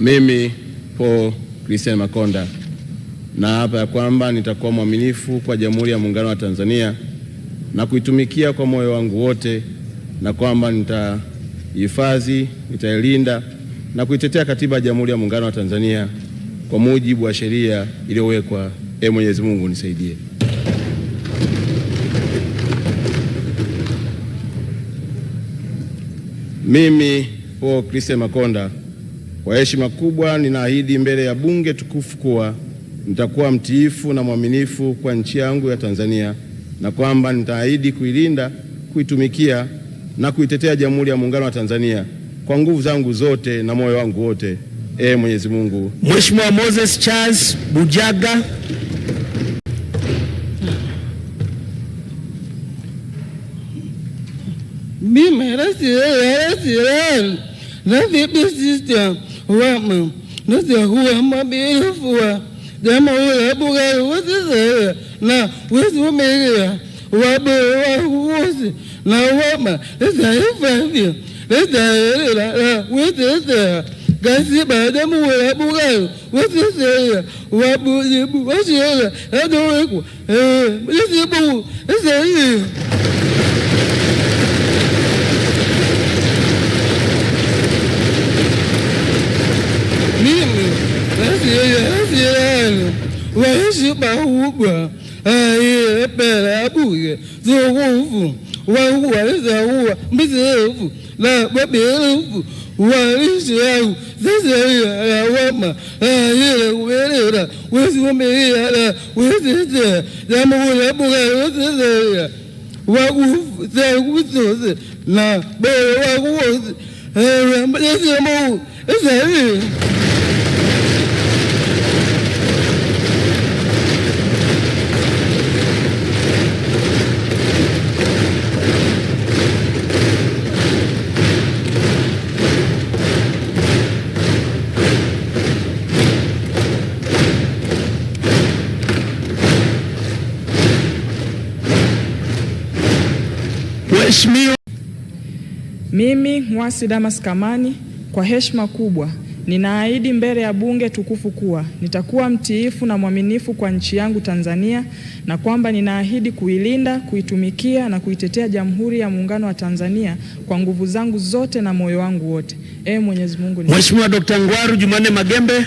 Mimi Paul Christian Makonda naapa ya kwamba nitakuwa mwaminifu kwa Jamhuri ya Muungano wa Tanzania na kuitumikia kwa moyo wangu wote, na kwamba nitahifadhi, nitailinda na kuitetea Katiba ya Jamhuri ya Muungano wa Tanzania kwa mujibu wa sheria iliyowekwa. Ee Mwenyezi Mungu nisaidie. Mimi Paul Christian Makonda kwa heshima kubwa, ninaahidi mbele ya bunge tukufu kuwa nitakuwa mtiifu na mwaminifu kwa nchi yangu ya Tanzania na kwamba nitaahidi kuilinda, kuitumikia na kuitetea Jamhuri ya Muungano wa Tanzania kwa nguvu zangu zote na moyo wangu wote. Ee Mwenyezi Mungu. Mheshimiwa Moses Charles Bujaga. Mimi, Rama, no se Rama Bifua, Dama Ula Buga, Wazizera, na Wizumiria, Waba Wahuzi, na Wama, Essa é Fávia, Essa é é Gaciba, Dama Ula Buga, Wazizera, Wabu, Wazizera, Adoeco, Esse é bom, esse é isso. ba uba aí pera buia i uvu wa wa za wa mbizevu la ba bevu wa iseu zeze ya wama aí werera wesu mbeira wezeze za mula buga wezeze wa uvu za uvu na be wa uvu Ese mo, ese mo. Mimi Mwasi Damas Kamani, kwa heshima kubwa ninaahidi mbele ya bunge tukufu kuwa nitakuwa mtiifu na mwaminifu kwa nchi yangu Tanzania na kwamba ninaahidi kuilinda, kuitumikia na kuitetea Jamhuri ya Muungano wa Tanzania kwa nguvu zangu zote na moyo wangu wote. Ee Mwenyezi Mungu. Mheshimiwa Dr. Ngwaru Jumanne Magembe.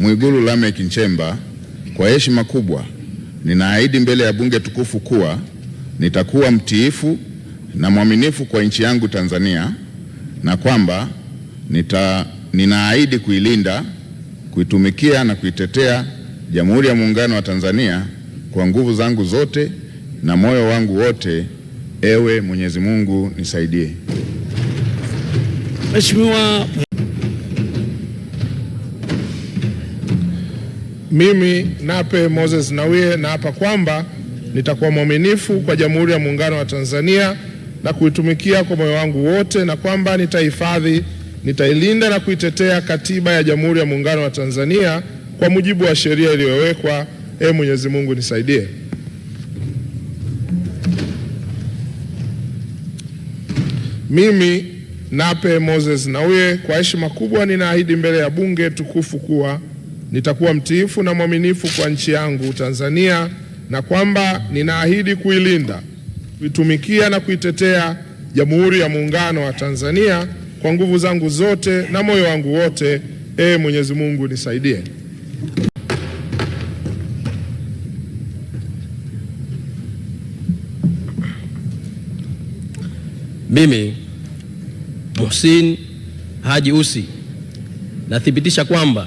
Mwigulu Lameck Nchemba, kwa heshima kubwa ninaahidi mbele ya bunge tukufu kuwa nitakuwa mtiifu na mwaminifu kwa nchi yangu Tanzania na kwamba nita, ninaahidi kuilinda, kuitumikia na kuitetea Jamhuri ya Muungano wa Tanzania kwa nguvu zangu zote na moyo wangu wote. Ewe Mwenyezi Mungu nisaidie. Mheshimiwa Mimi Nape Moses nauye naapa kwamba nitakuwa mwaminifu kwa Jamhuri ya Muungano wa Tanzania na kuitumikia kwa moyo wangu wote, na kwamba nitahifadhi, nitailinda na kuitetea Katiba ya Jamhuri ya Muungano wa Tanzania kwa mujibu wa sheria iliyowekwa. Ee Mwenyezi Mungu nisaidie. Mimi Nape Moses nauye kwa heshima kubwa ninaahidi mbele ya Bunge tukufu kuwa nitakuwa mtiifu na mwaminifu kwa nchi yangu Tanzania na kwamba ninaahidi kuilinda, kuitumikia na kuitetea Jamhuri ya Muungano wa Tanzania kwa nguvu zangu zote na moyo wangu wote. Ee Mwenyezi Mungu nisaidie. Mimi Muhsin Haji Ussi nathibitisha kwamba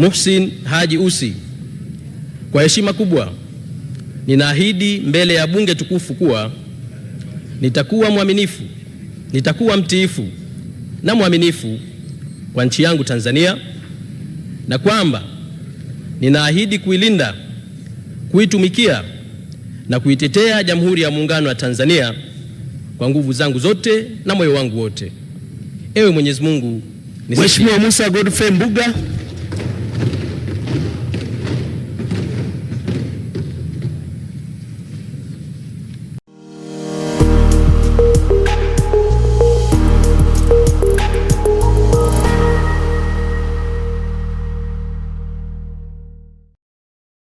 Muhsin Haji usi kwa heshima kubwa ninaahidi mbele ya bunge tukufu kuwa nitakuwa mwaminifu, nitakuwa mtiifu na mwaminifu kwa nchi yangu Tanzania, na kwamba ninaahidi kuilinda, kuitumikia na kuitetea Jamhuri ya Muungano wa Tanzania kwa nguvu zangu zote na moyo wangu wote. Ewe Mwenyezi Mungu. Mheshimiwa Musa Godfrey Mbuga.